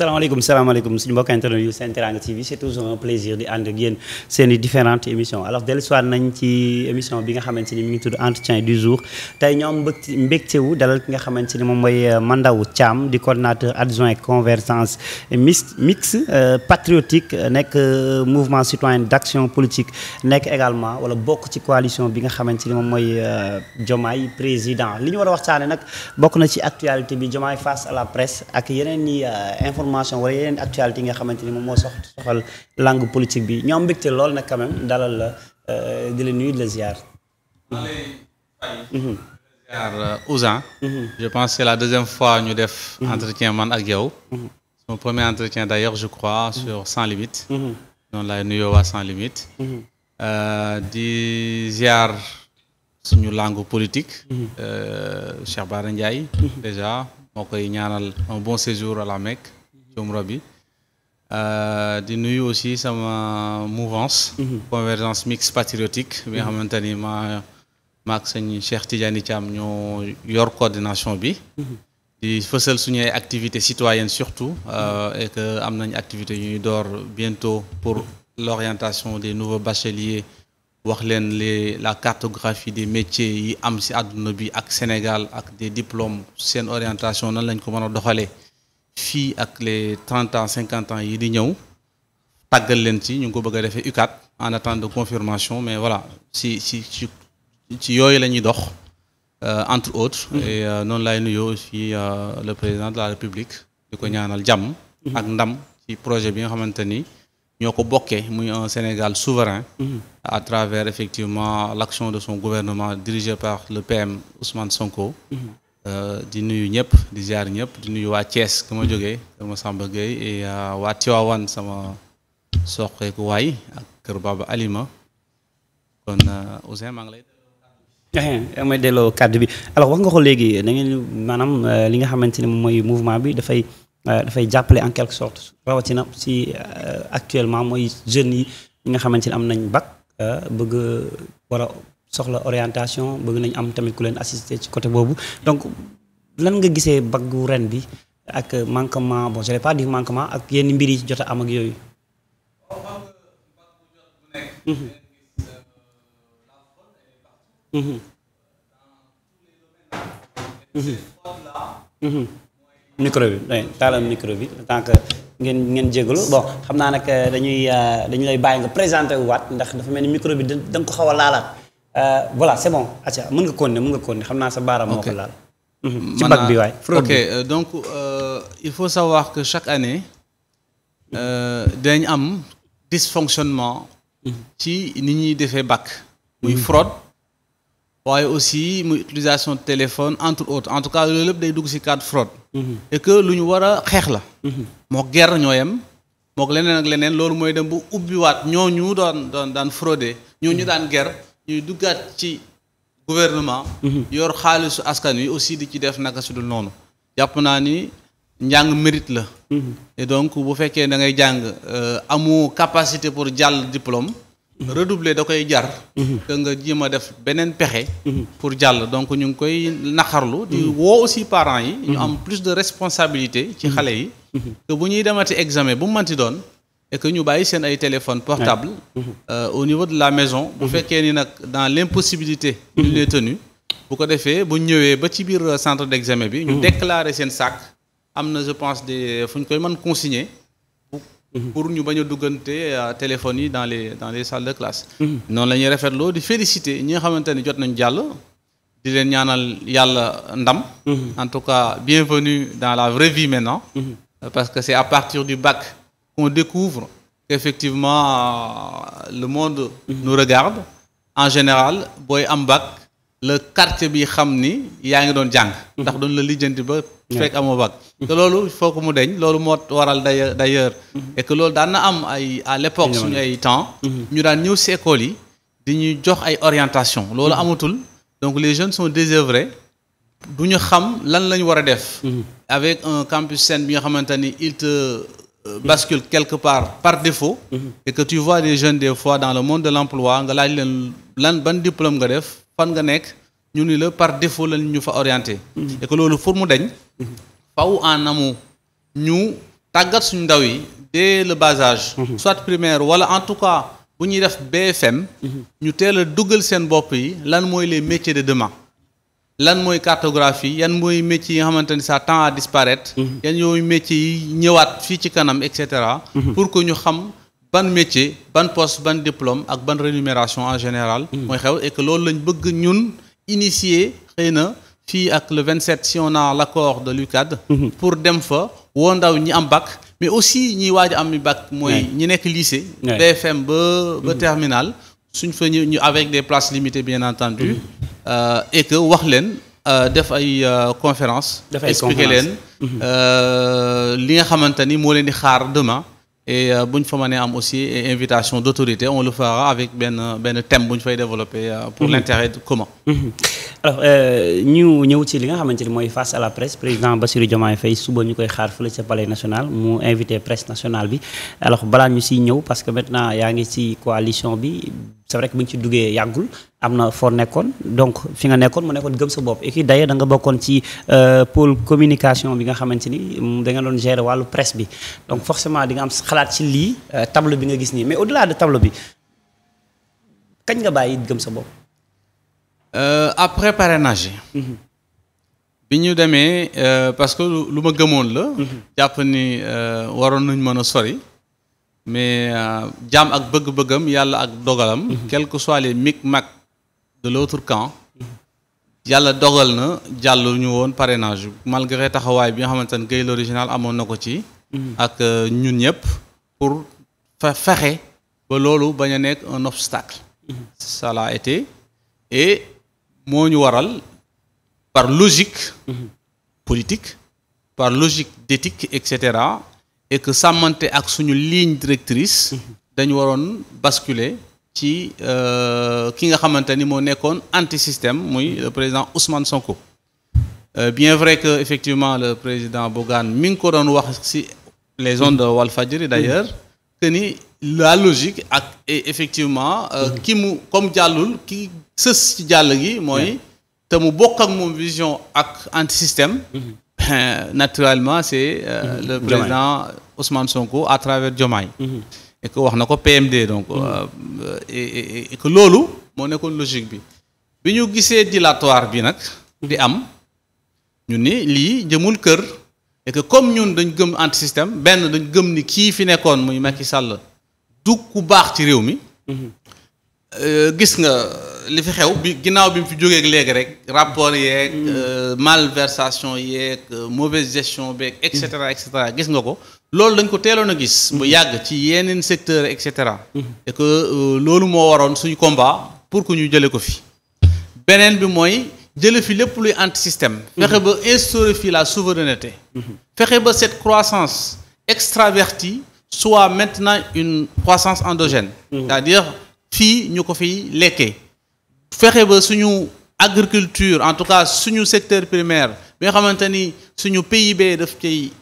salaamaaleykum salaamaaleykum suñu mbokk internet yu Sen Teranga TV c'est toujours un plaisir di ànd ak yéen seen i différentes émissions alors dellu si nañ ci émission bi nga xamante ni mi ngi tudd entretien du jour tey ñoom mbégte mbégtewu dalal ki nga xamante ni moom mooy euh, Mandaw Thiam di coordinateur adjoint convergence mixte euh, patriotique nekk euh, mouvement citoyen d'action politique nekk également wala bokk ci coalition bi nga xamante ni moom mooy Diomaye président li ñu war a waxtaane nag bokk na ci actualité bi Diomaye face à la presse ak yeneen i information wala yeneen actualité yi nga xamante ni moom moo sox soxal langue politique bi ñoo am lool nag quand dalal la euh, la nuyu di la ziar. ziar euh, Ousan. Mm-hmm. je pense c'est la deuxième fois ñu def. Mm-hmm. entretien man ak yow. Mm-hmm. mon premier entretien d'ailleurs je crois sur Sans Limite. noonu laay nuyoo waa Sans Limite. Euh, di ziar suñu langue politique. Cheikh Bara déjà moo koy ñaanal un bon séjour à la Mecque. jumra euh, bi di nuyu aussi sama mouvance mhm. convergence mixte patriotique bi nga mhm. xamante ni maa maak sëñ Cheikh Tidiane Thiam ñoo yor coordination bi mhm. di fësal suñu ay activités citoyennes surtout euh, et que am nañ activité ñuy door bientôt pour l'orientation des nouveaux bacheliers wax leen la cartographie des métiers yi am ci àdduna bi ak Sénégal ak des diplômes seen orientation nan lañ ko mën a doxalee fii ak le trente ans cinquante ans yi di ñëw tàggal leen ci ñu ngi ko bëgg defee UCAD en attente de confirmation mais voilà si si ci ci yooyu lañuy dox euh, entre autres. Mm-hmm. et euh, noonu lay nuyoo fii euh, le président de la république di ko ñaanal jàmm. Mm-hmm. ak ndam ci projet bi nga xamante ni. ñoo ko bokkee muy un Sénégal souverain mm-hmm. à travers effectivement l'action de son gouvernement dirigé par le PM Ousmane Sonko Euh, di nuyu ñëpp di ziar ñëpp di nuyu waa Thiès ku ma jógee kër Massamba Gueye et euh, waa Tivaouane sama soqeeku waay ak kër Baba Alima kon euh, Ousseyn maa ngi lay. Eh, delloo kàddu bi alors wax nga ko léegi da ngeen maanaam li nga xamante ne mooy mouvement bi dafay dafay jàppale en quelque sorte rawatina si actuellement mooy jeune yi nga xamante am nañ bac bëgg war a soxla orientation bëgg nañ am tamit ku leen assister ci côté boobu donc lan nga gisee baggu ren bi ak manquement bon je n'ai pas dit manquement ak yenn mbir jot a am ak yooyu. Euh, micro bi oui taalal micro bi en tant que ngeen ngeen jégalu bon xam naa nag euh, dañuy euh, dañu lay bàyyi nga présenté waat ndax dafa mel ni micro bi ko xaw laalaat. Euh, voilà c'est bon acca mën nga continuer mën nga continuer xam naa sa baaraam moo ko laal mhm. ci bac bi waay ok euh, donc euh, il faut savoir chaque année dañ am dysfonctionnement mhm. ci ni ñuy defee bac muy mhm. fraude waaye aussi muy utilisation de téléphone entre autres en tout cas loolu lépp day dugg ci cadre fraude et que lu ñu war xeex la moo guerre ñoo yem mook leneen ak leneen loolu mooy dem bu ubbiwaat ñoo ñu daan frauder ñoo ñu daan guerre ñuy duggaat ci gouvernement mhm. yor xaalisu askan wi aussi di ci def naka si dul noonu jàpp naa ni njàng mérite la mhm. donc bu fekkee da ngay jàng euh, amu capacité pour jàll diplôme mhm. redoubler da koy jar que nga jéem a def beneen pexe pour jàll donc ñu ngi koy naqarlu woo aussi parents yi ñu am plus de responsabilité ci xale yi que bu ñuy demati examen bu mu mënti doon e que ñu bàyyi seen ay téléphone portable mhm. euh, au niveau de la maison bu mhm. fekkee ni nag dans l'impossibilité il est tenu bu ko defee bu ñëwee ba ci biir euh, centre d'examen bi ñu mhm. déclarer seen sac am na je pense des euh, fu ñu koy man consigner pour ñu bañ a duggante euh, téléphone yi dans les dans les salles de classe noonu la ñuy rafetloo di féliciter ñi nga xamante ni jot nañu jàll di leen ñaanal yàlla ndam en tout cas bienvenue dans la vraie vie maintenant parce que c'est à partir qu'on découvre effectivement euh, le monde mhm. nous regarde en général booy am bac le quartier bi xam ni yaa ngi doon jàng mhm. ndax doon la lijjanti ba fekk amoo bac te loolu il faut mu deñ loolu moo waral d'ailleurs d'ailleurs mhm. que loolu daan na am ay à l'époque suñu ay temps ñu daan ñëw ci yi di ñuy jox ay orientation loolu amatul donc les jeunes sont désœuvrés du ñu xam lan lañu war def avec un campus sain bi nga xamante ni Euh, bascule quelque part par défaut. et que tu vois des jeune des fois dans le monde de l'emploi nga laaj leen lan ban diplôme nga def fan nga nekk ñu ni la par défaut lan ñu fa orienté. Mhm. et que loolu pour mu dañ. faw en amont ñu tàggat suñu ndaw yi dès le bas âge. Mhm. soit primaire wala en tout cas bu ñuy def BFM. Mhm. ñu teel a duggal seen bopp yi lan mooy les métiers de demain. lan mooy cartographie yan mooy métier yi nga xamante ni ça tend à disparaître mhm. yan yooyu métier yi ñëwaat fii ci kanam et cetera mhm. pour que ñu xam ban métier ban poste ban diplôme ak ban rémunération en général mhm. mooy xew et loolu lañ bëgg ñun initier xëy na fii ak le 27 si on a l'accord de l'UCAD pour dem fa woo ndaw ñi am bac mais aussi ñi waaj am mi bac mooy ñi nekk lycée BFM ba ba terminal suñ fa ñu avec des places limitées bien entendu Euh, et que wax leen euh, def ay euh, conférence expliquer leen mhm. li nga xamante ni moo leen di xaar demain et buñ ñu fa mënee am aussi invitation d'autorité on le fera avec benn benn thème bu ñu fay développer pour mhm. l'intérêt commun mhm. alors ñu ñëw ci li nga xamante ni mooy face à la presse président Bassirou Diomaye Faye suba ñu koy xaar fële ca palais national mu invité presse national bi alors balaa ñu siy ñëw parce que maintenant yaa ngi ci coalition bi c'est vrai que ñu ci duggee yàggul am na foo nekkoon donc fi nga nekkoon mu nekkoon gëm sa bopp et puis d'ailleurs da nga bokkoon ci euh, pôle communication bi nga xamante ni mm, da nga doon gérer wàllu presse bi donc forcément di nga xalaat ci lii euh, tableau bi nga gis nii mais au-delà de tableau bi kañ nga bàyyi gëm sa bopp. Euh, après parrainage. Mm-hmm. bi ñu demee parce que lu ma gëmoon la. Mm-hmm. jàpp ni waroon nañ mën a sori. mais euh, jaam ak bëgg-bëggam yàlla ak dogalam. Mhm. quel que soit les micmacs de l'autre camp. yàlla dogal na jàllu ñu woon parrainage malgré taxawaay bi nga xamante ne Gueye l'original amoon na ko ci. Mhm. ak euh, ñun ñëpp pour fa fexe ba loolu bañ a nekk un obstacle. Mhm. ça l'a été et moo ñu waral par logique. politique par logique d'éthique et et que sàmmante ak suñu ligne directrice dañu waroon basculer ci euh, ki nga xamante ni moo nekkoon anti système muy le président Ousmane Sonko euh, bien vrai que effectivement le président Bougane mi ngi ko doon wax ci les ondes de Walfadjri d'ailleurs que ni la logique ak effectivement euh, ki mu comme jàllul ki sës ci jàll gi mooy te mu bokk ak moom vision ak anti système mm-hmm. naturellement c'est euh, mm-hmm. le président Ousmane Sonko à travers Diomaye mm-hmm. et que wax na ko PMD donc mm-hmm. euh, et loolu moo nekkoon logique bi bi ñu gisee dilatoire bi nag di am ñu ni lii jëmul kër et que comme ñun dañ gëm anti système benn dañ gëm ni kii fi nekkoon muy Macky sàll du ku baax ci réew mi Euh, gis nga li fi xew bi ginnaaw bi mu fi jógeeg léegi rek rapport yeeg mm. euh, malversation yeeg euh, mauvaise gestion beeg et cetera et cetera gis nga ko loolu dañ ko teeloon a gis mu mm. yàgg ci yeneen secteur et cetera mm. et loolu moo waroon suñu combat pour que ñu jële ko fi beneen bi mooy jële fi lépp luy anti système fexe ba instaurer fi la souveraineté mm-hmm. fexe ba cette croissance extravertie soit maintenant une croissance endogène mm-hmm. c'est-à-dire fii ñu ko fiy lekkee fexe ba suñu agriculture en tout cas suñu secteur primaire bi nga xamante ni suñu PIB daf cay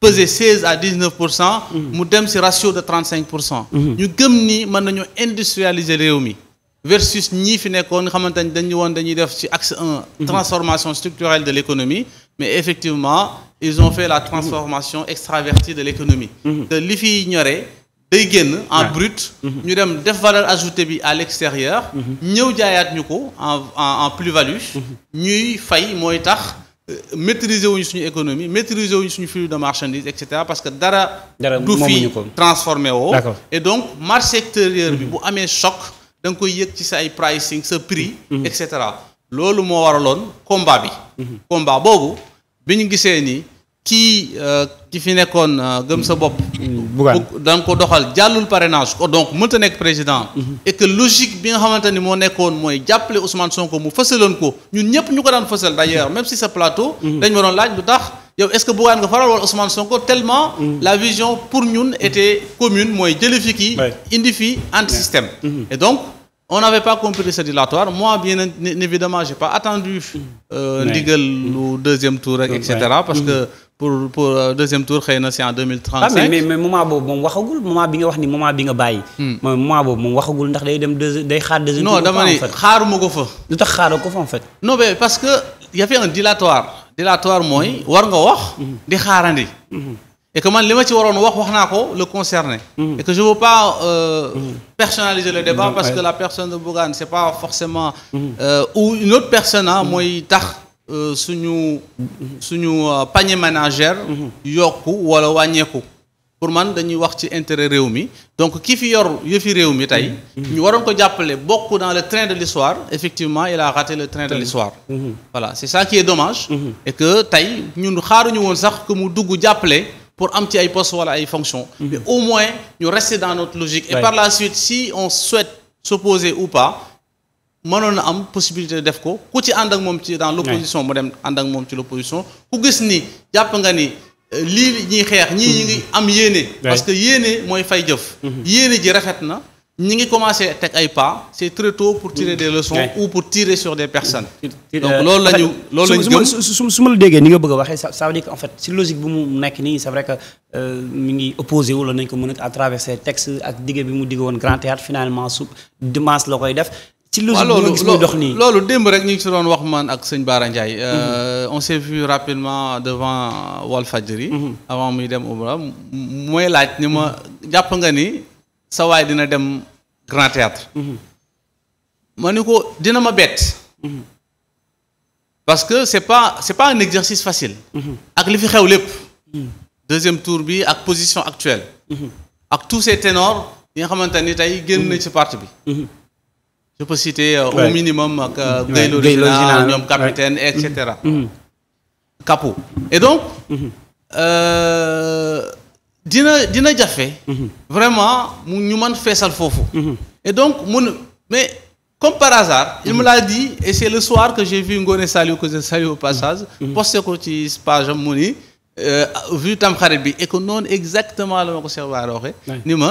peser seize à dix neuf pour cent mu mm-hmm. dem ci ratio de trente cinq pour cent mm-hmm. ñu gëm ni mën nañu industrialiser réew mi versus ñii fi nekkoon nga xamante ni dañu woon dañuy def ci axe un mm-hmm. transformation structurelle de l'économie mais effectivement ils ont fait la transformation extravertie de l'économie te li fiy ñoree day génn en brut mhm. ñu dem def valeur ajoutée bi à l'extérieur mhm. ñëw jaayaat ñu ko en en plus value mhm. ñuy fay mooy tax euh, maîtriser wuñu suñu économie maîtriser wuñu suñu flux de marchandise et cetera parce que dara du fi transformé woo et donc marché extérieur bi bu amee choc danga koy yëg ci sa ay pricing sa prix et cetera loolu moo waraloon combat bi combat boobu bi ñu gisee nii kii euh, ki fi nekkoon euh, gëm sa bopp. daan ko doxal jàllul parrainage ko donc mënta nekk président. Mhm. et bi nga xamante ni moo nekkoon mooy jàppale Ousmane Sonko mu fësaloon ko ñun ñëpp ñu ko daan fësal d'ailleurs même si sa plateau. Mhm. dañ ma doon laaj lu tax yow est-ce que Bougane nga faral wala Ousmane Sonko tellement. Mhm. la vision pour ñun était commune mooy jëli fi kii. indi fi anti système. et donc. on n'avait pas compris ce dilatoire moi bien évidemment j'ai pas attendu euh, ndigal euh, lu deuxième tour rek et pour pour euh, deuxième tour xëy na si en 2035. ah mais mais moment boobu moom waxagul moment bi nga wax ni moment bi nga bàyyi. Hmm. mooy boobu moom waxagul ndax day dem deux day xaar deuxième dama ni xaaruma ko fa. lu tax xaaroo ko fa en fait. non mais parce que y avait un dilatoire. dilatoire mooy hmm. war nga wax. Hmm. di xaarandi. et que man li ma ci waroon wax wax naa ko la concerné. et que je veux pas euh, le débat parce que la personne de Bougane c'est pas forcément. Euh, ou une autre personne Euh, suñu suñu euh, panier ménagère yokku wala wàññeeku pour man dañuy wax ci intérêt réew mi donc ki fi yor yëfi réew mi tey ñu waroon ko jàppale bokk dans le train de l'histoire effectivement il a raté le train de l'histoire voilà c'est ça qui est dommage et que tey ñun xaaruñu woon sax que mu dugg jàppale pour am ci ay postes wala ay fonction mais au moins ñu rester dans notre logique et par la suite si on souhaite s'opposer ou pas manoon na am possibilité def ko ku ci ànd ak moom ci dans l'opposition mu dem ànd ak moom ci l'opposition ku gis ni jàpp nga ni euh, lii ñuy xeex ñii ñi ngi am yéene parce que yéene mooy fay jëf mhm. yéene ji rafet na ñi ngi commencé teg ay pas c'est très tôt pour tirer des leçons ou pour tirer sur des personnes donc euh, loolu lañu su su ma la déggee ni nga bëgg waxee ça veut dire que en fait si logique bu mu nekk nii c'est vrai que euh, mi ngi opposé wu la nañ ko mën a à travers texte ak digge bi mu digge woon Grand Théâtre finalement su koy def ci logique bi nga gis nii loolu démb rek ñu ngi si doon wax man ak sëñ Bara Ndiaye. Mhm. Euh, on s'est vu rapidement devant Walfadjri. Mhm. avant muy dem Umra mooy laaj ni ma jàpp nga ni sa waay dina dem Grand Théâtre mhm. ma ni ko dina ma bett. parce que c'est pas pas un exercice facile. ak li fi xew lépp. deuxième tour bi ak position actuelle. ak tous ces ténors yi nga xamante ni tey génn na ci parti bi. je peux citer euh, au minimum euh, ouais. Géologina, ouais. capitaine, etc. Mm -hmm. Et donc, mm-hmm. euh, dina dina jafé mm-hmm. vraiment mu ñu man feesal foofu mm-hmm. et donc mun mais comme par hasard il me l'a dit et c'est le soir que j'ai vu Ngone Saliou que je passage posté ko ci page am mu ni euh, vu tam xarit bi et que non exactement la ma ko cheikh ni ma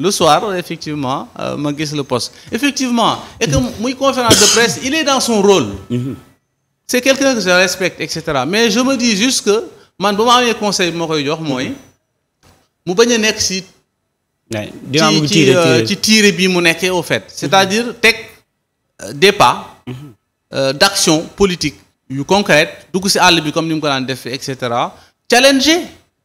le soir effectivement euh, ma gis le poste effectivement et muy conférence de presse il est dans son rôle mhm. c'est quelqu'un que je respecte et cetera mais je me dis juste que man ba ma amee conseil bi ma koy jox mooy mu bañ a nekk si ci ci euh, tiire bi mu nekkee au fait c'est-à-dire mhm. teg euh, des pas mhm. d'action politique yu concrète dugg si àll bi comme ni mu ko daan def et cetera challenger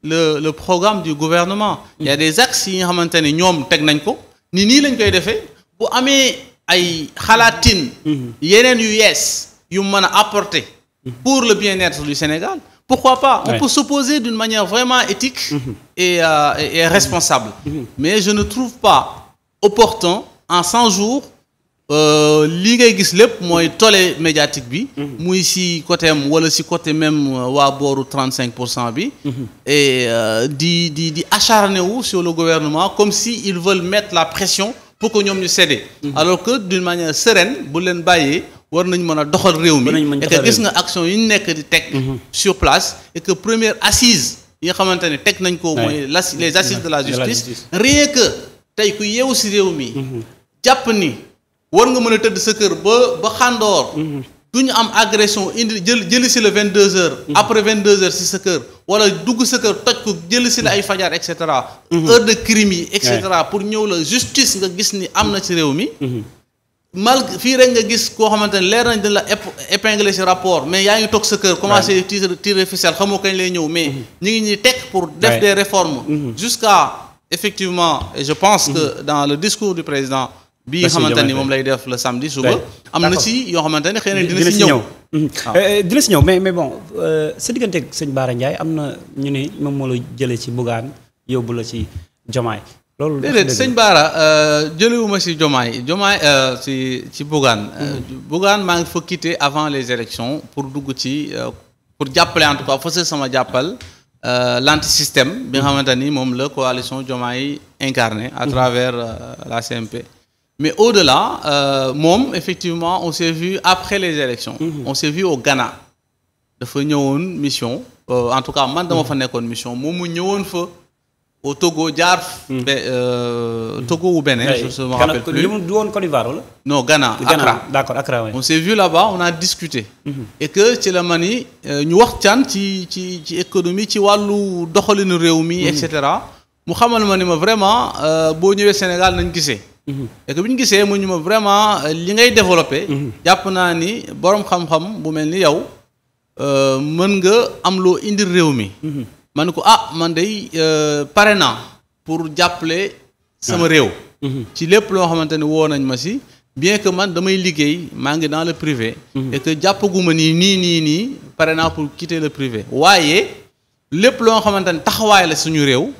le le programme du gouvernement. il des axes yi nga xamante ne ñoom teg nañ ko ni nii lañ koy defee bu amee ay xalaatin. Mhm. yeneen yu yees yu mën a apporter. Mhm. pour le bien-être du Sénégal. pourquoi pas on ouais. peut s'opposer d'une manière vraiment éthique mmh. et, euh, et, et responsable mhm. mais je ne trouve pas opportun en 100 jours Euh, lii ngay gis lépp mooy tole médiatique bi. Mhm. muy si côté am wala si côté même euh, waa booru 35 pour cent bi. Mhm. et euh, di di di acharné wu sur le gouvernement comme si ils veulent mettre la pression pour que ñoom ñu cédé. Mhm. alors que d'une manière sereine bu leen bàyyee. war nañ mën a doxal réew mi et que gis nga action yi ñu nekk di teg sur place et que première assise yi nga xamante ne teg nañ ko mooy les assises de la justice rien que tey ku yeewu si réew mi jàpp ni war nga mën a tëdd sa kër ba ba xàndoor mhm. du ñu am agression indi jël jëli si la vingt deux heures mhm. après vingt deux heures si sa kër wala dugg sa kër toj ko jëli si la ay fajar et cetera mhm. heure de crime yi et pour ñëw la justice nga gis ni am na ci réew mi mal fii rek nga gis koo xamante ne leer nañ dañ la épinglé ci rapport mais yaa ngi toog sa kër commencé tirer tirer ficelle xamoo kañ lay ñëw mais ñu ngi ñuy teg pour def des réformes jusqu'à effectivement et je pense que dans le discours du président bi nga xamante ni moom lay def le samedi suba. am na si yoo xamante ne xëy na dina si ñëw mm-hmm. euh, ah. euh, dina si ñëw mais mais bon euh, sa diggante ak sëñ Bara Ndiaye am na ñu ne moom moo la jëlee ci Bougane yóbbu la ci Jomaay. loolu déedéet sëñ Bara jëlewuma si Jomaay Jomaay si ci Bougane. Mm-hmm. Bougane maa ngi fa quitté avant les élections pour dugg ci pour jàppale en tout cas sama jàppal. Euh, système bi nga xamante ni moom la coalition Diomaye incarné à mm-hmm. travers euh, la CMP mais au-delà euh, moom effectivement on s'est vu après les élections mhm. on s'est vu au Ghana dafa ñëwoon mission euh, en tout cas man dama mhm. fa nekkoon mission moom mu ñëwoon fa o Togo jaar. Mhm. be euh, Togo ou Bénin. je me rappelle plus li mu du woon Côte d'Ivoire wala. non Ghana Accra d'accord Accra oui. on s'est vu là-bas on a discuté. et que ci la ma ni euh, ñu waxtaan ci ci ci économie ci wàllu doxalinu réew mi. et cetera mu xamal ma ni ma vraiment boo ñëwee Sénégal nañ gisee. et que bi ñu gisee mu ñu ma vraiment euh, li ngay développé. Mhm. jàpp naa ni borom xam-xam bu mel ni yow euh, mën nga am loo indil réew mi. Mhm. ma ne ko ah man day euh, pare naa pour jàppale sama réew. Mhm. ci lépp loo xamante ne woo nañ ma si bien que man damay liggéey maa ngi dans le privé. et que jàppaguma nii nii nii nii pare naa pour quitter le privé waaye lépp loo xamante ne taxawaay la suñu réew.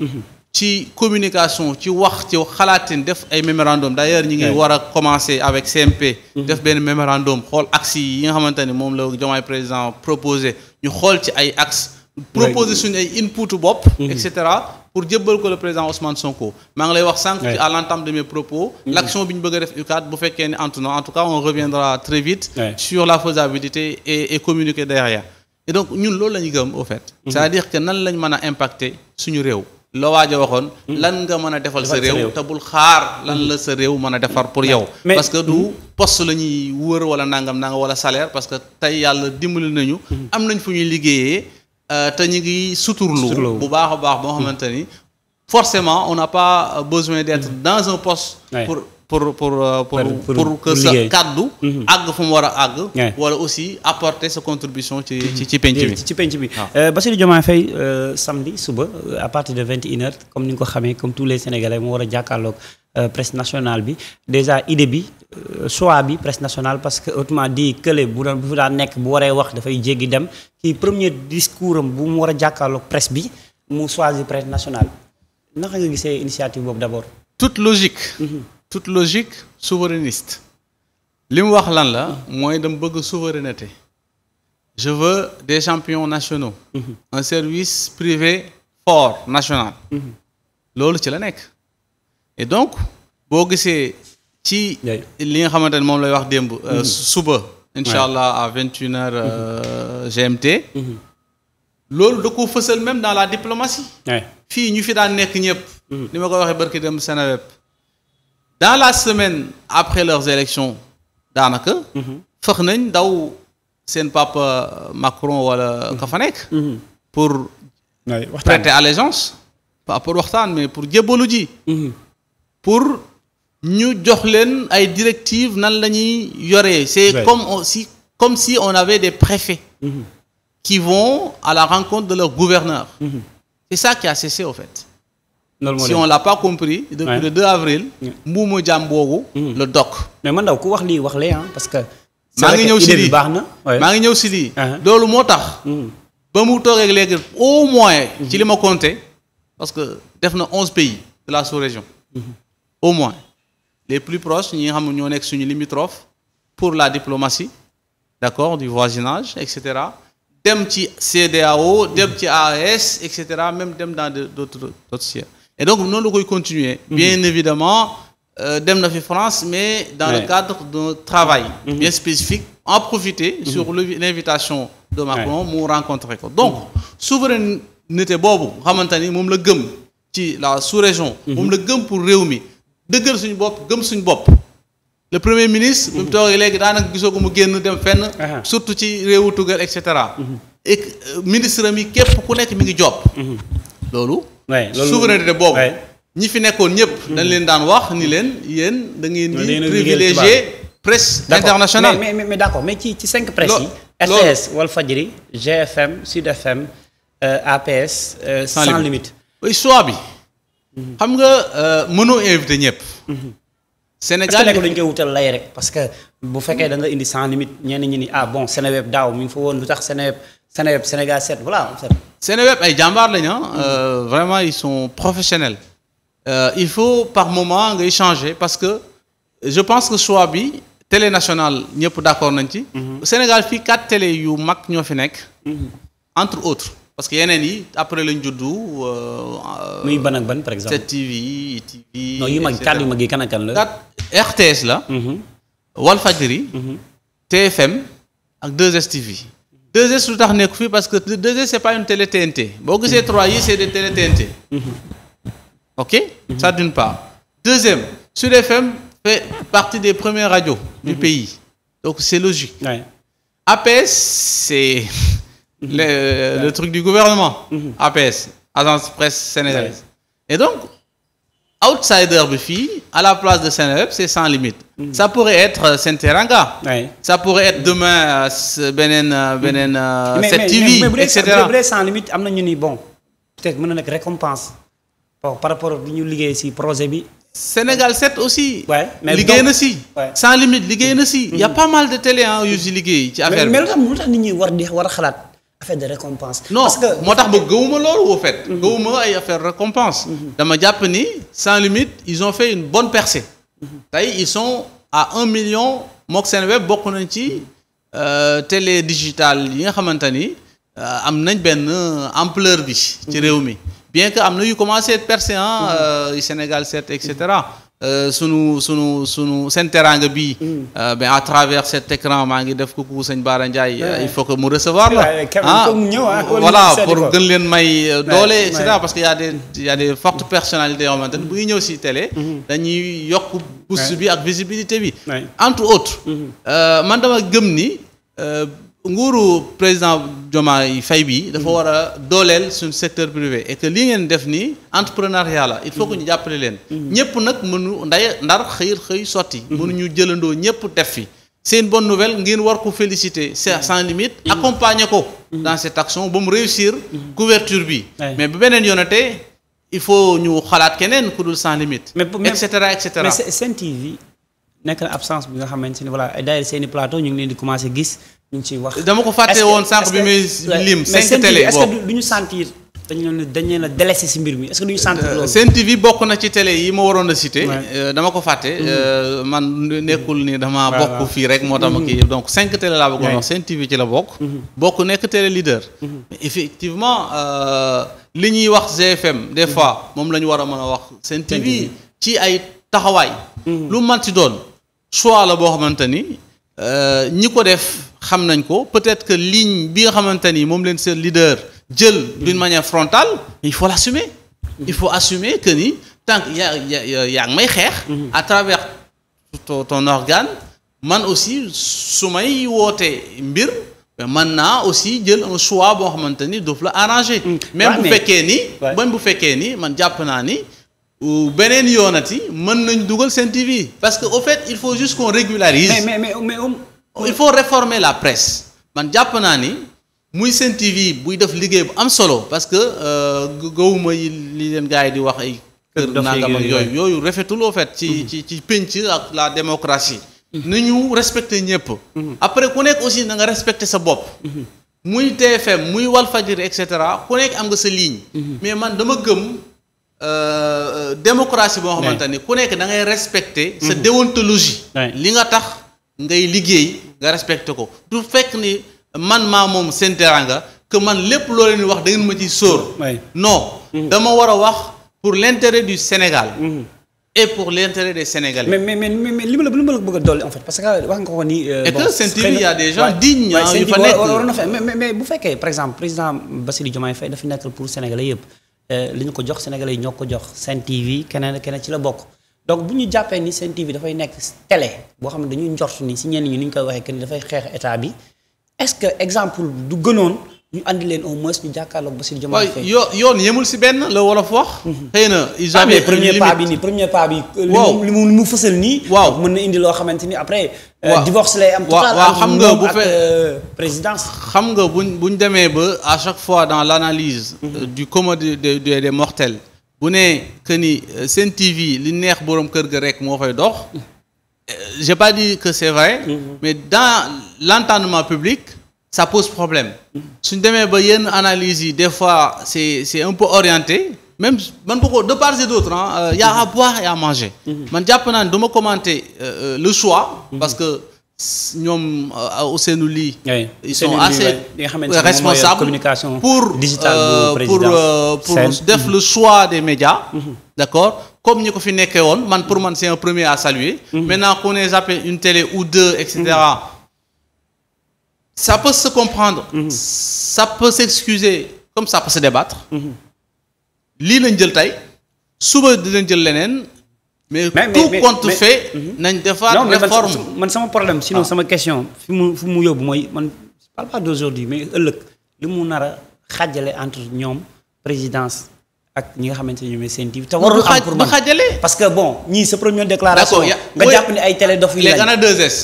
ci communication ci wax ci xalaatin def ay mémorandum d'ailleurs ñi ngi war a commencer avec CMP mhm. def benn mémorandum xool axes yi nga xamante ni moom la Diomaye président proposé ñu xool ci ay axes proposer suñu ay input bopp mhm. et cetera pour jébbal ko le président Ousmane Sonko maa ngi lay wax sànq ci à l'entame de mes propos mhm. l'action bi ñu bëgg a def UCAD bu fekkee ni antu na en tout cas on reviendra très vite sur la faisabilité et communiqué communiquer derrière et donc ñun loolu la ñu gëm au fait c'est-à-dire nan lañ mën a impacter suñu réew la waaja waxoon hmm. lan nga mën a defal sa réew te bul xaar lan la sa réew mën a defar pour hmm. yow parce que du hmm. post la ñuy wër wala nangam nanga wala salaire parce que tey yàlla dimbali nañu am nañ fu ñuy liggéeyee euh, te ñu ngi suturlu bu baax a baax boo xamante ni forcément on n'a pas besoin d'être dans un post pour Euh, pour pour pour pour que sa kàddu mm-hmm. àgg fu mu war a àgg wala aussi apporter sa contribution ci ci ci penc bi ci penc bi ah. euh, Bassirou Diomaye Faye euh, samedi suba à de vingt et comme ni nga ko xamee comme tous les Sénégalais moo war a jàkkaarloog presse nationale bi déjà idée bi choix bi presse nationale parce que autrement di kële bu doon bu fi daan nekk bu waree wax dafay jéggi dem kii premier discours am bu mu war a jàkkaarloog presse bi mu choisir presse nationale naka nga gisee initiative boobu d'abord toute toute logique souverainiste li mu wax lan la mooy dam bëgg souveraineté je veux des champions nationaux mm -hmm. un service privé fort national mm-hmm. loolu ci la nekk et donc boo gisee ci li nga xamante ne moom lay wax démb euh, mm-hmm. suba incha allah à vingt une GMT loolu da ko fësal même dans la diplomatie fii ñu fi daan nekk ñëpp li mm-hmm. ma koy waxee barki dem Seneweb dans la semaine après leurs élections daanaka. Mhm. fex nañ daw seen papa Macron wala mhm. ka fa nekk. Mhm. pour. prêter allégeance pas pour waxtaan mais pour jébbalu ji. pour ñu jox leen ay directives nan la ñuy yoree. c'est comme comme si on avait des préfets. qui vont à la rencontre de leur gouverneur. c'est ça qui a cessé au fait. si on l'a pas compris depuis le 2 avril mbuuma jàmm boobu hmm. la dokk mais man ndaw ku wax lii wax lee ah parce que maa ngi ñëw si lii baax na maa ngi ñëw si lii loolu moo tax hmm. ba mu toogee léegi au moins hmm. ci li ma compté parce que def na onze pays de la sous-région au moins les plus proches ñi ngi xam ne ñoo nekk suñu limitrophes pour la diplomatie d'accord du voisinage et cetera dem ci CEDEAO dem ci AES et même dem dans d'autres d'autres et donc noonu la koy continuer bien mhm. évidemment euh, dem na fi France mais dans ouais. le cadre d'un travail mm -hmm. bien spécifique en profiter mhm. sur l'invitation de Macron mu ouais. rencontrer ko donc souveraineté boobu xamante ni moom la gëm ci la sous-région mhm. moom la gëm pour réew mi dëggal suñ bopp gëm suñu bopp le premier ministre bi mu toogee léegi daanaka gisoo ko mu génn dem fenn surtout ci réewu tugal et euh, ministre mi képp ku nekk mi ngi job loolu souveraineté boobu ñi fi nekkoon ñëpp dañ leen daan wax ni leen yéen da ngeen di privilégié presse internationale mais mais d'accord mais ci ci cinq presse yi RTS Walfadjri GFM Sud FM euh, APS euh, sans limite choix bi mhm. xam nga euh, mënoo invité ñëpp mhm. Sénégal dañ koy wutal lay rek parce que bu fekkee da nga indi sans limite ñenn ñi ni ah bon Seneweb daaw mi ngi fa woon lu tax Seneweb Seneweb Sénégal 7 voilà. Seneweb ay jàmbaar lañ ah. euh, vraiment ils sont professionnels. Euh, il faut par moment ngay changer parce que je pense que choix bi télé national ñëpp d'accord nañ ci. Mm-hmm. Sénégal fii quatre télé yu mag ñoo fi nekk. Mm-hmm. entre autres. parce que yeneen yi après lañu juddu. Euh, muy ban ak ban par exemple. 7TV ITV. yi kan ak kan la. RTS la. Mhm. Walfadjri. TFM mhm. ak 2STV. 2S lu tax nekk fii parce que 2S c'est pas une télé TNT boo gisee 3 yi c'est des télé TNT. Mhm. ok ça d'une part. deuxième Sud FM fait partie des premières radios. du pays donc c'est logique. APS c'est le, le truc du gouvernement. Mhm. APS agence presse sénégalaise. et donc outsider bi fii à la place de Seneweb c'est sans limite. Mhm. ça pourrait être euh, Sen Teranga. ça pourrait être demain euh, beneen euh, mhm. beneen. Set TV et cetera mais am na ñu ni bon. peut-être mën na nekk récompense. par rapport bi ñu liggéey si projet bi. Sénégal 7 aussi. waay mais liggéey na si. sans limite liggéey na si. y a pas mal de télé ah yu si liggéey. ci affaire bi mais mais lu tax nit war di war a xalaat. affaire de récompense. non que moo tax ba gëwuma loolu au fait. gëwuma ay affaire récompense. dama jàpp ni sans limite ils ont fait une bonne percée. tey ils sont à un million mook seen web bokk nañ ci euh, télé digital yi nga xamante ni euh, am nañ benn ampleur bi. ci réew mi bien que am na yu commencé percé ah Sénégal 7 et cetera. Euh, sunu sunu sunu seen teraanga bii. mais mm. euh, à travers cet écran maa ngi def coucou sëñ Bara Ndiaye. il faut que mu recevoir la. ah pour gën leen may euh, doole et cetera parce que y a des y a des bu ñuy ñëw si télé. Mm-hmm. dañuy yokk boost bi ak visibilité bi. entre autres. Mm-hmm. man dama gëm ni. nguuru président yi fay bi dafa war a dooleel suñ secteur privé et que li ngeen def nii entrepreneuriat la il faut que ñu jàppale leen ñëpp nag mënu nday ndar xëyir xëy sotti mënuñu jëlandoo ñëpp def fi c'est une bonne nouvelle ngeen war ko félicité c'est mm-hmm. sans limite mm-hmm. accompagner ko mm-hmm. dans cette action ba mu réussir couverture bi mais bu beneen te il faut ñu xalaat keneen ku dul sans limite et cetera et cetera nekk na absence bi nga xamante ni voilà daayira seeni plateau ñu ngi leen di commencé gis ñu ngi ciy wax. dama ko fàtte woon sànq bi muy lim. cinq télé est-ce que du ñu sentir. dañu leen mbir mi est-ce que duñu sant loolu. Sen TV bokk na ci télé yi ma waroon a cité. Euh, dama ko fàtte. Mm-hmm. Euh, man nekkul ni dama bokk fii rek moo tax ma kii mm-hmm. donc cinq télé laa bëggoon wax TV ci la bokk. Mm-hmm. bokk nekk télé leader. effectivement euh, li ñuy wax GFM des fois moom la ñu war a mën a wax. Sen TV ci ay taxawaay. lu man ci doon. choix la boo xamante ni euh, ñi ko def xam nañ ko peut-être que ligne bi nga xamante ni moom leen seen leader jël d'une manière frontale il faut l'assumer il faut assumer que ni tant yaa yaa ngi may xeex mhm. à travers ton organe man aussi su may wootee mbir man naa aussi jël un choix boo xamante ni daf la arranger mm. même bu fekkee ni même bu fekkee ni man jàpp naa ni beneen yoonati mën nañ dugal seen TV parce que au fait il faut juste qu'on régularise. mais mais mais um, il faut réformer la presse. man jàpp naa ni muy seen TV buy def liggéey bu am solo parce que euh, gëwuma yi li leen gars yi di wax ay. kër nangam yooyu yooyu rafetul au mhm. ci ci ci pénc ak la démocratie. Mhm. ni ñu respecter ñëpp. Mhm. après ku nekk aussi na nga respecter sa bopp. muy TFM muy Walfadjri et cetera ku nekk am nga sa ligne. mais man dama gëm. Euh, euh, démocratie boo xamante ni ku nekk da ngay respecter sa mhm. déontologie li nga tax ngay liggéey nga respecter ko du fekk ni man maa moom seen teranga que man lépp loo leen wax da ngeen ma ciy sóor non mhm. dama war a wax pour l'intérêt du Sénégal mhm. et pour l'intérêt des Sénégalais. li ma la li ma la bëgg dolli en fait parce que wax nga ko ni. Euh, et que Saint-Louis il y a des gens dignes yu fa nekk mais bu fekkee par exemple président Bassirou Diomaye Faye dafa nekk Euh, li ñu ko jox sénégal yi ñoo ko jox Sen TV keneen keneen ci la bokk donc bu ñu jàppee ni Sen TV dafay nekk télé boo xam ne dañuy njort ni si ñenn ñi ni ñu koy waxee que dafay xeex état bi est-ce que exemple du gënoon. ñu andi leen au moins ñu jàkkaarloog Bassirou Diomaye yoo yoon yemul si benn la wolof wax. Mhm. xëy na ah, ils avaient premier bi nii premier pas bi. Euh, mu li fësal nii. waaw mën na indi loo xamante ni après. Euh, waaw divorce lay am. total waaw xam nga bu fee euh, xam nga buñ buñ demee ba à chaque fois dans l' analyse. Mhm. du commun des des mortels. bu ne que ni Sen TV li neex boroom kër ga rek moo fay dox. Mhm. j'ai pas dit que c'est vrai. mais dans l'entendement public. ça pose problème suñ demee ba yenn analyse yi des fois c'est c'est un peu orienté même man ko de part et d'autre ah y a à boire et manger mhm. man jàpp naa ne du ma commenter euh, euh, le choix mhm. parce que ñoom Ousseynou li ils sont assez responsables pour pour pour def le choix des médias mhm. d'accord comme ñi ko fi nekkee woon man pour man c'est un premier à saluer maintenant qu'on ait zappé une télé ou deux et ça peut comprendre. Mm -hmm. ça peut s'excuser comme ça peut se mhm. lii lañ jël tey suba di dinañ jël leneen. mais tout compte fait mhm. nañ defaat réforme man sama problème sinon ah. sama question fi mu fi mu yóbbu mooy man je parle pas d'aujourd'hui mais ëllëg li mu nar a xàjjale entre ñoom présidence ak ñi nga xamante ne ñoom seen TV te warul am pour man parce que bon ñii sa première déclaration nga jàpp ni ay télé dof yi lañ léegi ana 2S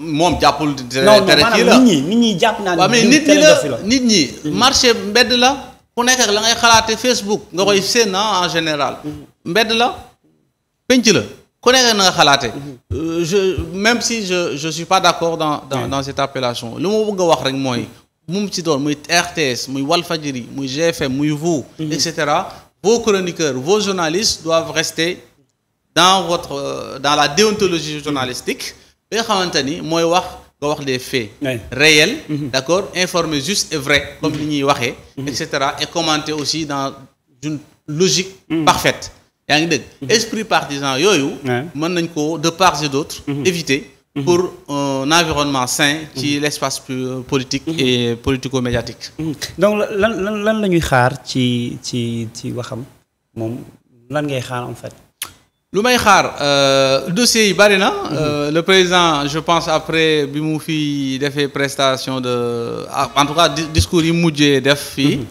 moom jàppul. tere kii la nit ñi nit ñi mm-hmm. marché mbedd la ku nekk ak la ngay xalaate Facebook nga koy seen ah, en général. Mm-hmm. mbedd la penc la ku nekk ak nga xalaate mm-hmm. euh, je si je je suis pas d'accord dans cette appellation li ma bëgg a wax rek mooy. mu ci doon muy RTS muy Walfadjri muy GFM muy vous. et cetera vos chroniqueurs vos journalistes doivent rester dans euh, dans la déontologie journalistique. bi nga xamante ni mooy wax nga wax des faits réels mhm. d'accord informer juste et vrai comme li mhm. ñuy waxee mhm. et cetera et commenter aussi dans une logique parfaite yaa ngi dégg esprit partisan yooyu mën nañ ko de part et d'autre éviter pour un environnement sain ci l'espace euh, politique et politico-médiatique donc lan lan lan la ñuy xaar ci ci ci waxam moom lan ngay xaar en fait lu may xaar euh, dossier yi bari na. Euh, mhm. le président je pense après bi mu fi defee prestation de ah, en tout cas discours yi mujjee def fii. Mhm.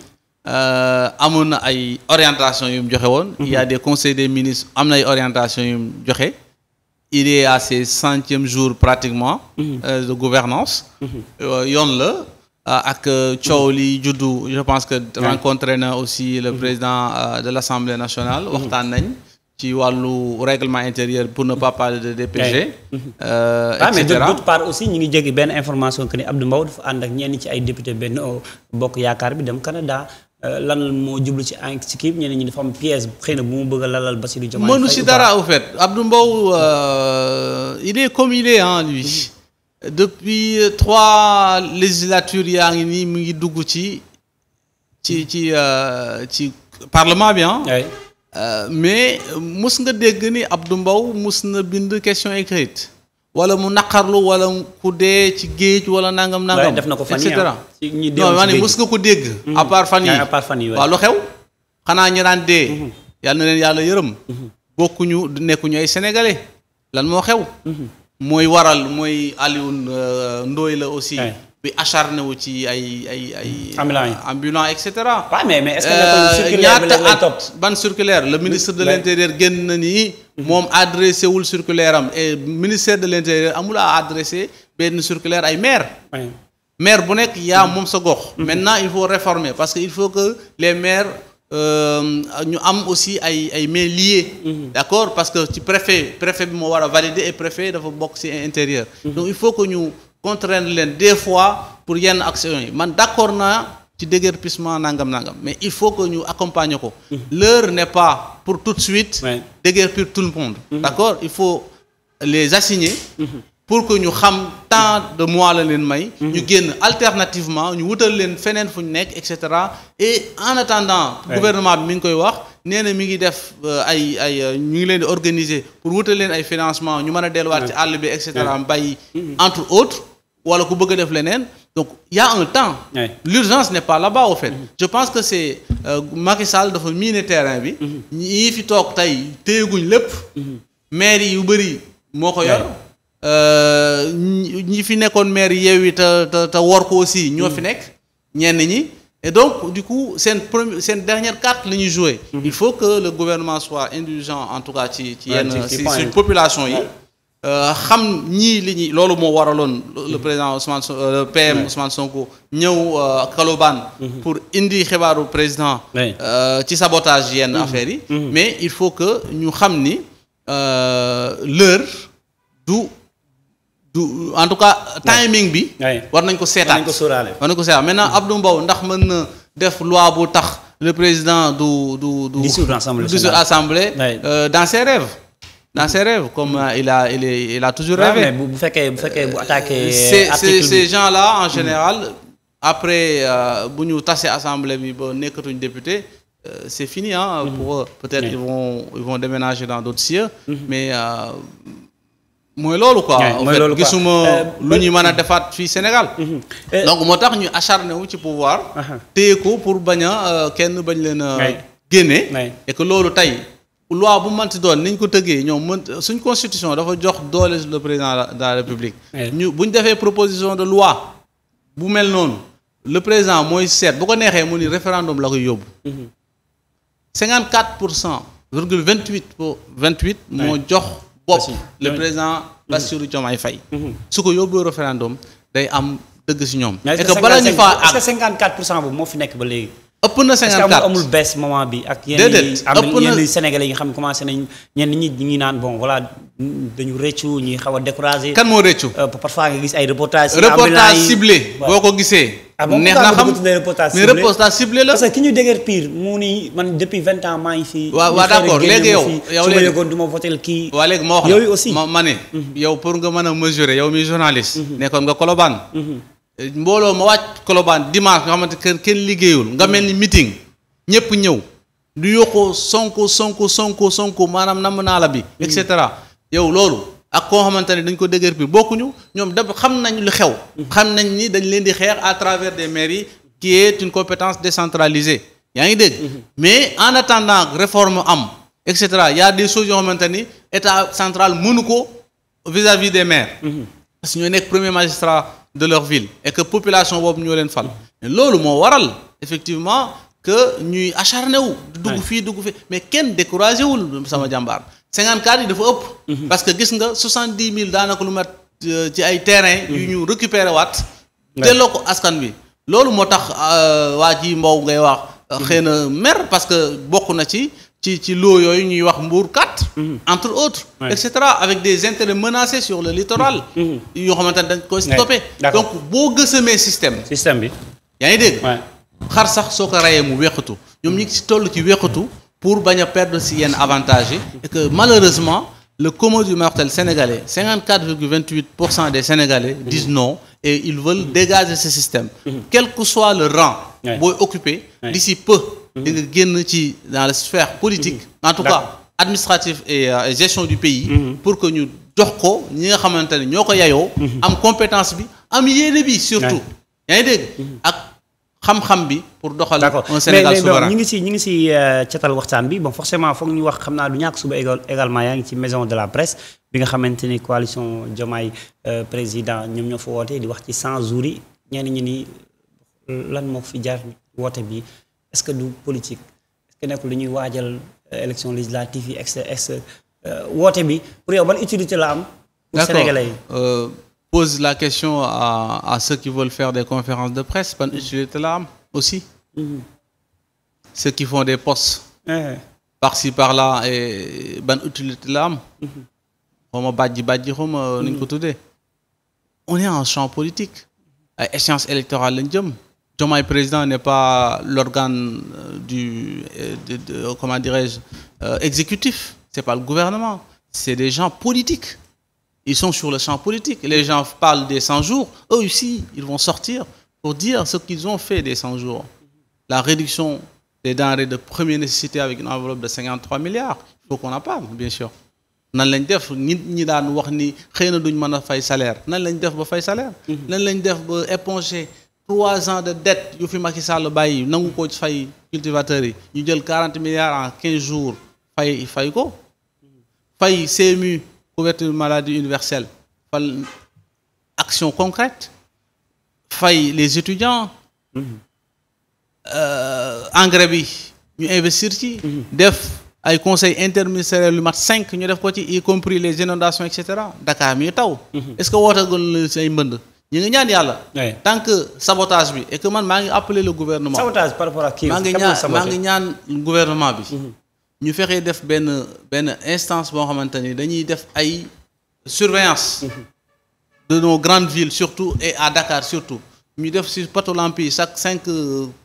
Euh, amoon na ay orientation yu mu joxe woon. il y a mhm. des conseils des ministres am na ay orientation yu mu joxe. il est à ses centième jour pratiquement. de gouvernance yoon la. ak coow li juddu je pense que. rencontré na aussi le président de l'Assemblée nationale. waxtaan nañ. ci wàllu règlement intérieur pour ne pas parler de DPG. Euh, et mais aussi ñu ngi jéggi benn information que ni Abdou Mbow dafa ànd ak ñenn ci ay député benn bokk yaakaar bi dem Canada euh, lan moo jublu ci en ci kii ñeneen ñi dafa am pièce xëy na bu mu bëgg a lalal Bassirou Diomaye Faye mënu si dara au fait Abdou mbaw euh, il est comme il est hein lui mm-hmm. depuis trois législatures yaa ngi nii mu ngi dugg ci ci ci ci parlement bi ah. Euh, mais euh, mus nga dégg ni Abdou mbaw mus na bind question écrite wala mu naqarlu wala ku dee ci géej wala nangam nangam et cetera ah. non maa ne mus nga ko dégg mm-hmm. à part fan yi waaw lu xew xanaa ñu daan dee mm-hmm. yàlla na leen yàlla yërëm mm-hmm. bokkuñu nekkuñu ay sénégalais lan moo xew mooy waral mooy Alioune euh, Ndoye la aussi bi acharné wu ci ay ay ay. ambulants yi euh, ambulants et mais mais est-ce euh, at ban circulaire le ministre de l'intérieur génn na nii. Mhm. moom adressé wul circulaire am ministère de l'intérieur amul à adressé benn circulaire ay maire. maire bu nekk yaa mhm. moom sa gox. Mhm. maintenant il faut réformer parce que il faut que les maires euh, ñu am aussi ay ay mains liées. d'accord parce que ci préfet préfet bi moo war a valider et préfet dafa bokk ci intérieur. donc il faut que ñu. contraindre leen des fois pour yenn actions yi man d'accord naa ci déguerpissement nangam nangam mais il faut que ñu accompagner ko. Mm-hmm. l'heure n'est pas pour tout de suite. oui déguerpir tout le monde. Mm-hmm. d'accord il faut les assigner. Mm-hmm. pour que ñu xam temps de mois la leen may. ñu génn alternativement ñu wutal leen feneen fu ñu nekk et cetera et en attendant. gouvernement bi mi ngi koy wax nee na mi ngi def euh, ay ay euh, ñu ngi leen di organiser pour wutal leen ay financement ñu mën a delluwaat àll bi et cetera entre autres. wala ku bëgg a def leneen donc yaa a un temps. l'urgence ne pas la bas au fait. je pense que c'est euh, Macky Sall dafa miine terrain bi. Mhm. ñii fi toog tey téyeguñ lépp. Mhm. maire yu bëri moo ko yor. Euh, ñi fi nekkoon maire yeewi te te te wor ko aussi ñoo fi mhm. nekk. ñenn ñi e donc du coup seen premier seen dernière carte la ñuy jouer. il faut que le gouvernement soit indulgent en tout cas ci ci yenn ci population yi. Euh, xam ñii li ñuy loolu moo waraloon le président Ousmane euh, le PM Ousmane Sonko ñëw euh, Colobane mhm. pour indi xibaaru président ci sabotage yenn mhm. affaires yi mhm. mais il faut que ñu xam ni leur du du en tout cas timing bi war nañ ko seetaat war nañ ko seetaat maintenant Abdou Mbow ndax mën na def loi bu tax le président du du du dissoudre assemblée dans ses rêves dans ses comme euh, il a toujours ouais, bu fekkee bu fekkee bu attaqué. Euh, article ces là en général. après euh, bu ñu tasee assemblée bi ba nekkatuñ député. Euh, c'est fini ah. pour peut-être ils vont déménager dans d'autres cieux. Mm-hmm. mais mooy loolu quoi. mooy loolu gisuma lu ñuy mën a defaat fii Sénégal. Mm-hmm. donc moo tax ñu acharné wu ci pouvoir. Uh-huh. téye ko pour bañ a kenn bañ leen a. génne et loolu tey. loi bu mënti doon ni ñu ko tëggee ñoom mën suñ constitution dafa jox doole le président de la république. ñu bu ñu defee proposition de loi bu mel noonu le président mooy seet bu ko neexee mu ni référendum la koy yóbbu. 54 mhm. pour cent virgule 28 pour 28. moo jox bopp le président mhm. Bassirou Diomaye Faye. Mhm. su ko yóbbu référendum day am dëgg si ñoom. et que bala faa ak moo fi nekk ba léegi. ëpp na 54 amul baisse moment bi ak. déedéet ëpp na yenn xam commencé nañ ñenn ñi ñu ngi naan bon voilà dañu rëccu ñuy xaw a découragé. kan moo rëccu. Euh, parfois nga gis ay reportages. reportage ciblé boo ko gisee. Ah neex na xam mais reportage ciblé la. parce que ki ñu dëgër pire mu ni man depuis vingt ans maa ngi fi waaw waaw d'accord léegi yow yow léegi su ma yëgoon du ma votel kii. waaw léegi ma yooyu aussi ma ma ne. Mhm. yow pour nga mën a mesurer yow mi journaliste. Mhm. nekkoon nga Colobane. Mhm. mbooloo ma wàcc Colobane dimanche nga xamante kenn kenn liggéeyul nga mel ni meeting ñëpp ñëw du yokkoo sonko sonko sonko sonko maanaam namm naa la bi et mm. cetera yow loolu ak koo xamante ne dañ ko dëgër bi bokkuñu ñoom daf xam nañ lu xew mm. xam nañ ni dañ leen di xeex à travers des mairies qui est une compétence décentralisée yaa ngi dégg mm-hmm. mais en attendant réforme am et cetera y a des choses yoo ni état central mënu ko vis-à-vis des maires mm-hmm. parce que nekk premier de leur ville et que population boobu ñoo leen fal loolu moo waral effectivement que ñuy acharné wu dugg fii dugg fii mais kenn découragé wul sama jàmbaar cinquante quatre yi dafa ëpp mhm. parce que gis nga soixante dix mille daanaka lu mat euh, ci ay terrain mhm. yu ñu récupéré waat te loo ko askan bi loolu moo tax euh, waa ji mbow ngay wax mhm. xëy na mer parce que bokk na ci ci ci loo yooyu ñuy wax Mbour 4 mhm. entre autres ouais. et cetera avec des intérêts menacés sur le littoral mhm. Mhm. yoo xamante ne dañ koy stoppé donc boo gësamee système système bi yaa ngi dégg xar sax soo ko reyee mu weqatu ñoom ñi ngi si toll ci weqatu pour bañ a perdre si yenn avantage yi et que malheureusement le commun du mortel sénégalais pour cent des sénégalais disent non et ils veulent dégager ce système quel que soit le rang booy occupé d'ici Mmh. di nga génn ci dans la sphère politique mmh. en tout cas administratif euh, et gestion du pays mmh. pour que ñu jox ko ñi nga xamante ne ñoo ko yayoo am compétence bi am yéene bi surtout yaa dégg ak xam-xam bi pour doxal un Sénégal souverain ñu ngi si ñu ngi si euh, catal waxtaan bi bon forcément foog ñu wax xam naa du ñàkk suba également yaa ngi ci maison de la presse bi nga xamante ni coalition Diomaye euh, président ñoom ñoo fa woote di wax ci 100 jours yi ñi ni lan moo fi est-ce que du politique est-ce que nekkul lu ñuy waajal euh, élection législative yi ex euh, woote bi pour yow ban utilité la am. pour sénégalais yi euh, pose la question à à ceux qui veulent faire des conférences de presse ban utilité la am aussi. Mhm. ceux qui font des postes. Eh. par-ci par-là et ban utilité la am. Mhm. xaw ma bàjji bàjji nuñ ko mhm. tuddee. on est en champ politique. ay échéances électorales lañ jëm. Diomaye président n'est pas l'organe euh, du euh, comment dirais-je euh, exécutif c'est pas le gouvernement c'est des gens politiques ils sont sur le champ politique les gens parlent des 100 jours eux aussi ils vont sortir pour dire ce qu'ils ont fait des 100 jours la réduction des denrées de première nécessité avec une enveloppe de 53 milliards il faut qu'on en parle bien sûr nan lañ def nit ñi daan wax ni xëy na duñ mën a fay salaire nan lañ def ba fay salaire mm-hmm. nan lañ def ba éponger trois ans de dette yu fi Macky Sall bàyyi nangu ko fay cultivateurs yi ñu jël quarante milliards en quinze jours fay fay ko fay CMU couverture maladie universelle fal action concrète fay les étudiants euh, engrais bi ñu investir ci def ay conseil interministériel lu mat cinq ñu def ko ci y compris les inondations et cetera mi taw est-ce que woote gën la si ay ñu ngi ñaan yàlla. tant que sabotage bi et que man maa ngi appeler le gouvernement. sabotage par rapport ak kii maa ngi ñaan maa gouvernement bi. Mhm. ñu fexee def benn benn instance boo xamante ni dañuy def ay surveillance. Mhm. de nos ville surtout et à Dakar surtout. ñu def si poteau lampe yi cinq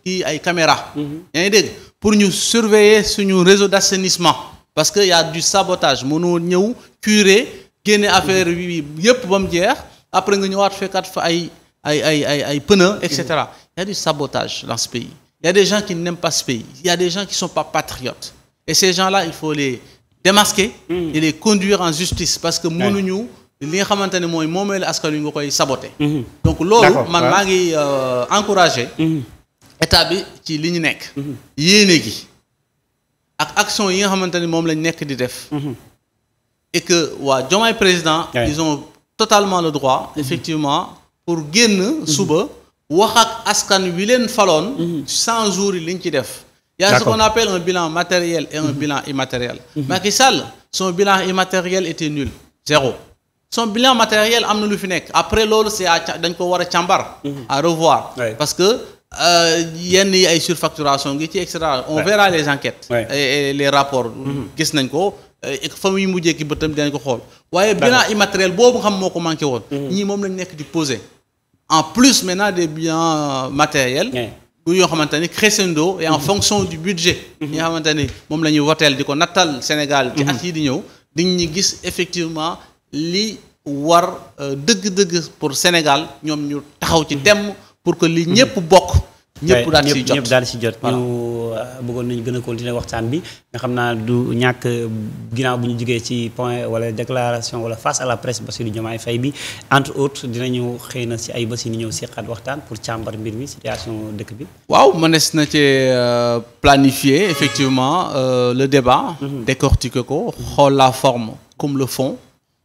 kii ay caméra mhm. yaa ngi pour ñu surveiller suñu réseau d' assainissement. parce que y' a du sabotage mënoo ñëw curer génne affaire bi yëpp ba mu jeex. après nga ñëwaat fekkaat fa ay ay ay ay ay pneus et mm-hmm. cetera sabotage dans ce pays il y a des gens qui n'aiment pas ce pays il y a des qui sont pas patriotes et ces gens-là il faut les démasquer mm-hmm. et les conduire en justice parce que mënuñu li nga xamante ne mooy moomeelu askan wi nga koy saboter mm-hmm. donc loolu man maa ngi euh, encourager état bi ci li ñu nekk yéene gi ak action yi nga xamante ne moom lañ nekk di def et que waa Diomaye président ils ont totalement le droit mhm. effectivement pour génn suba mhm. wax ak askan wi leen faloon mhm. cent jouri yi li ñu ci def y a ce qu'on appelle un bilan matériel et un bilan immatériel Macky Sall son bilan immatériel était nul zéro son bilan matériel am na lu fi nekk après loolu c'est à dañ ko war a càmbar à revoir parce que euh, yenn yi ay surfacturation ngi ci et cetera on verra les enquêtes et les rapports gis nañ ko Eh, fa muy mujjee ki bëtam dinañ ko xool waaye bilan immatériel boobu xam moo ko manqué woon mm-hmm. ñii moom lañu nekk di poser en plus maintenant des biens euh, matériels bu yoo xamante ni crescendo et en mm-hmm. fonction du budget yi mm-hmm. nga xamante ni moom la ñuy woteel di ko nataal Sénégal ci at yi di ñëw di ñu gis effectivement li war euh, dëgg-dëgg pour Sénégal ñoom ñu taxaw ci temm pour que li ñëpp bokk ñëpp daal si jot daal si jot ñu euh, bëggoon nañu gën a continuer waxtaan bi nga xam naa du ñàkk euh, ginnaaw bu ñu jugee ci point wala déclaration wala face à la presse Bassirou Diomaye Faye bi entre dina dinañu xëy na si ay bés yi ñëw seqaat waxtaan pour càmbar mbir mi situation dëkk bi waaw mënees na ci euh, planifier effectivement le débat mhm. décortiquer ko xool la forme comme le fond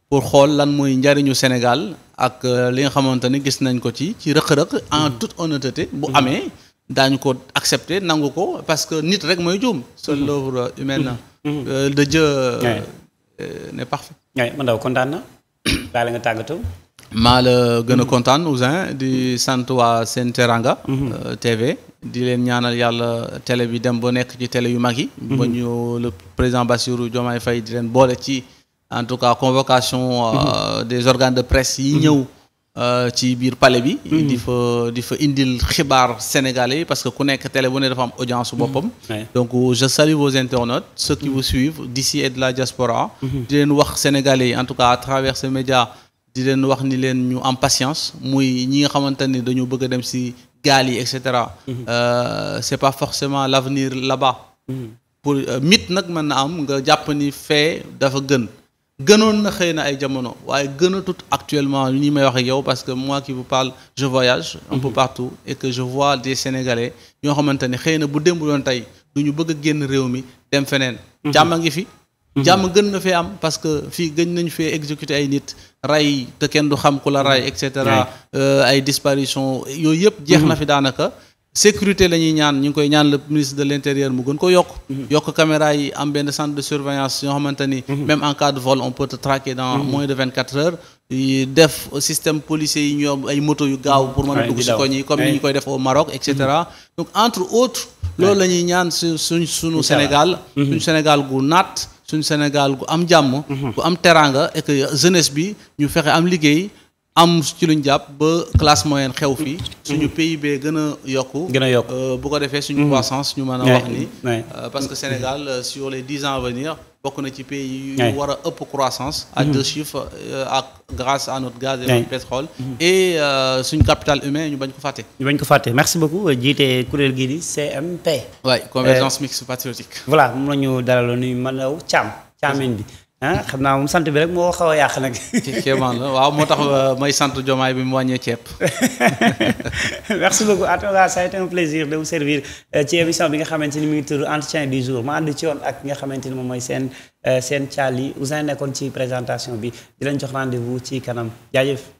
pour xool lan mooy njariñu Sénégal ak li nga xamante ni gis nañ ko ci ci rëq-rëq en mhm. toute honnêteté bu mhm. amee daañu ko accepter nangu ko parce que nit rek mooy juum. seule mm-hmm. l'œuvre humaine. Mm-hmm. Mm-hmm. Euh, de Dieu euh, euh, n'est parfait. kontaan na. nga tàggatoo. maa la gën a kontaan Ousin di sant waa Sen Teranga. TV di leen ñaanal yàlla tele bi dem ba nekk ci télé yu mag yi. ba ñu le président Bassirou Diomaye Faye di leen boole ci en tout cas convocation. des organes de presse yi ñëw. Euh, ci biir pale bi. Mhm. di fa di fa indil xibaar sénégalais yi parce que ku nekk télé bu dafa am audience su mhm. boppam. donc euh, je salue vos internautes. ceux qui mhm. vous suivent d'ici et de la diaspora. di leen wax sénégalais yi en tout cas à travers ces di leen wax ni leen ñu am patience muy ñi nga xamante ni dañu bëgg dem si gaal yi et cetera. Euh, c'est pas forcément l'avenir là-bas. pour mythe nag mën na am nga jàpp ni fee dafa gën. gënoon na xëy na ay jamono waaye gënatut actuellement ni may wax yow parce que moi qui vous parle je voyage un peu mhm. partout et que je vois des sénégalais ñoo xamante ne xëy na bu démb doon tey du ñu bëgg génn réew mi dem feneen mhm. jàmm a ngi fi mhm. jàmm gën na fee am parce que fii gën nañu fee exécuter ay nit ray te kenn du xam ku la rey et cetera euh, ay disparition yooyu yëpp jeex na fi daanaka sécurité la ñuy ñaan ñu ngi koy ñaan le ministre de l' intérieur mu gën ko yokk mhm. yokk caméra yi am benn centre de surveillance yoo xamante ni mhm. en cas de vol on peut te traquer dans mhm. moins de vingt quatre heures def système policier yi ñoom ay moto yu gaaw pour mën a dugg si koñ yi comme ni ñu koy def au Maroc et entre autres loolu la ñuy ñaan su suñ suñu Sénégal suñu Sénégal gu naat suñu Sénégal gu am jàmm gu am teraanga et que bi ñu fexe am liggéey am ci luñ jàpp ba classe moyenne xew fii suñu PIB gën a yokku gën a euh, bu ko defee suñu mm-hmm. croissance ñu mën a wax ni euh, parce que Sénégal euh, sur les dix ans à venir bokk na ci pays yu war a ëpp croissance à deux mm-hmm. chiffres ak grâce à notre gaz et notre pétrole mm-hmm. et suñu capital humain ñu bañ ko fàtte ñu bañ ko fàtte merci beaucoup jiite kuréel gii di CMP waay convergence mixte patriotique voilà moom la ñu dalaloon nuyu Malaw Thiam bi ah xam naa moom sant bi rek moo xaw a yàq nag. kéemaan la waaw moo tax euh, may sant jomaay bi mu wàññee ceeb. merci beaucoup en tout cas ça a été plaisir de vous servir euh, ci émission bi nga xamante ni mu ngi tudd entretien du jour ma ànd ci woon ak nga xamante ni moom mooy seen euh, seen caal yi nekkoon ci présentation bi di leen jox rendez ci kanam jaajëf.